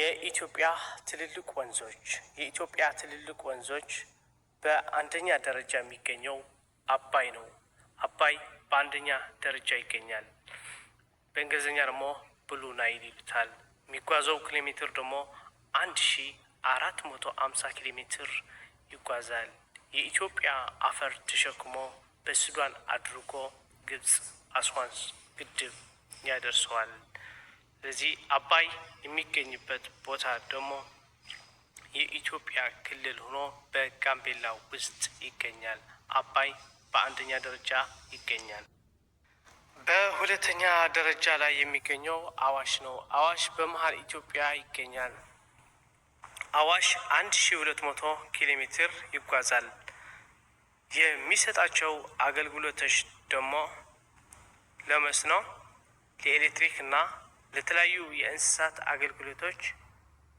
የኢትዮጵያ ትልልቅ ወንዞች የኢትዮጵያ ትልልቅ ወንዞች በአንደኛ ደረጃ የሚገኘው አባይ ነው። አባይ በአንደኛ ደረጃ ይገኛል። በእንግሊዝኛ ደግሞ ብሉ ናይል ይሉታል። የሚጓዘው ኪሎ ሜትር ደግሞ አንድ ሺ አራት መቶ አምሳ ኪሎ ሜትር ይጓዛል። የኢትዮጵያ አፈር ተሸክሞ በሱዳን አድርጎ ግብጽ አስዋንስ ግድብ ያደርሰዋል። በዚህ አባይ የሚገኝበት ቦታ ደግሞ የኢትዮጵያ ክልል ሆኖ በጋምቤላ ውስጥ ይገኛል። አባይ በአንደኛ ደረጃ ይገኛል። በሁለተኛ ደረጃ ላይ የሚገኘው አዋሽ ነው። አዋሽ በመሀል ኢትዮጵያ ይገኛል። አዋሽ አንድ ሺ ሁለት መቶ ኪሎ ሜትር ይጓዛል። የሚሰጣቸው አገልግሎቶች ደግሞ ለመስኖ፣ ለኤሌክትሪክ እና ለተለያዩ የእንስሳት አገልግሎቶች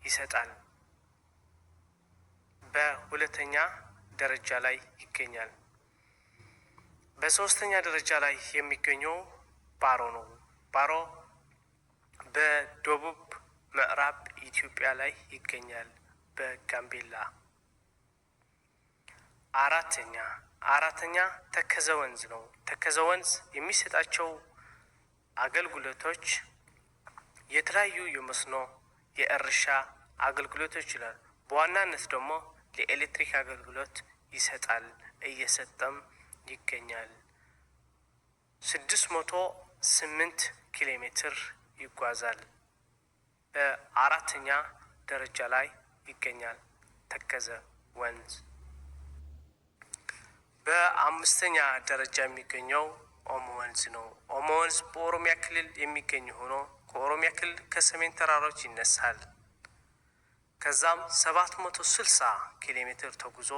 ይሰጣል። በሁለተኛ ደረጃ ላይ ይገኛል። በሶስተኛ ደረጃ ላይ የሚገኘው ባሮ ነው። ባሮ በደቡብ ምዕራብ ኢትዮጵያ ላይ ይገኛል፣ በጋምቤላ። አራተኛ አራተኛ ተከዘ ወንዝ ነው። ተከዘ ወንዝ የሚሰጣቸው አገልግሎቶች የተለያዩ የመስኖ የእርሻ አገልግሎት ይችላል። በዋናነት ደግሞ ለኤሌክትሪክ አገልግሎት ይሰጣል እየሰጠም ይገኛል። ስድስት መቶ ስምንት ኪሎ ሜትር ይጓዛል። በአራተኛ ደረጃ ላይ ይገኛል ተከዘ ወንዝ። በአምስተኛ ደረጃ የሚገኘው ኦሞ ወንዝ ነው። ኦሞ ወንዝ በኦሮሚያ ክልል የሚገኝ ሆኖ ከኦሮሚያ ክልል ከሰሜን ተራሮች ይነሳል። ከዛም 760 ኪሎ ሜትር ተጉዞ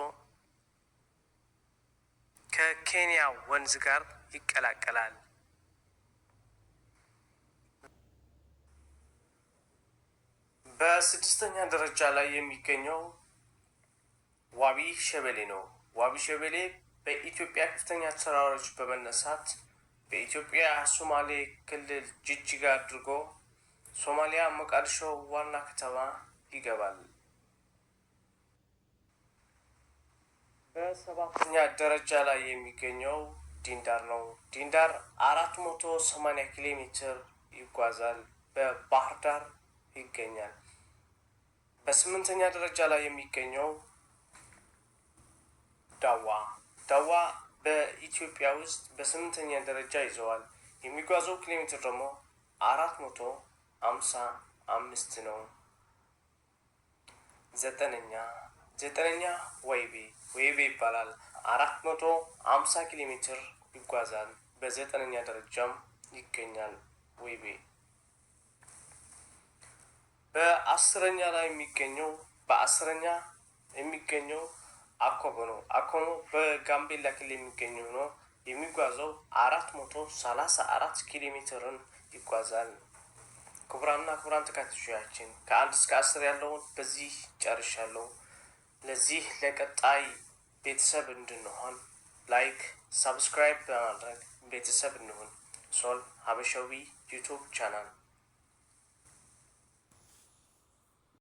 ከኬንያ ወንዝ ጋር ይቀላቀላል። በስድስተኛ ደረጃ ላይ የሚገኘው ዋቢ ሸበሌ ነው። ዋቢ ሸበሌ በኢትዮጵያ ከፍተኛ ተራሮች በመነሳት በኢትዮጵያ ሶማሌ ክልል ጅጅጋ አድርጎ ሶማሊያ ሞቃዲሾ ዋና ከተማ ይገባል። በሰባተኛ ደረጃ ላይ የሚገኘው ዲንዳር ነው። ዲንዳር አራት መቶ ሰማኒያ ኪሎ ሜትር ይጓዛል። በባህር ዳር ይገኛል። በስምንተኛ ደረጃ ላይ የሚገኘው ዳዋ ዳዋ በኢትዮጵያ ውስጥ በስምንተኛ ደረጃ ይዘዋል። የሚጓዘው ኪሎ ሜትር ደግሞ አራት መቶ አምሳ አምስት ነው። ዘጠነኛ ዘጠነኛ ወይቤ ወይቤ ይባላል። አራት መቶ አምሳ ኪሎ ሜትር ይጓዛል። በዘጠነኛ ደረጃም ይገኛል ወይቤ። በአስረኛ ላይ የሚገኘው በአስረኛ የሚገኘው አኮቦ ነው። አኮቦ በጋምቤላ ክልል የሚገኝ ሆኖ የሚጓዘው አራት መቶ ሰላሳ አራት ኪሎ ሜትርን ይጓዛል። ክቡራንና ክቡራን ተከታታዮቻችን ከአንድ እስከ አስር ያለውን በዚህ ጨርሻለሁ። ለዚህ ለቀጣይ ቤተሰብ እንድንሆን ላይክ፣ ሰብስክራይብ በማድረግ ቤተሰብ እንሁን። ሶል ሀበሻዊ ዩቱብ ቻናል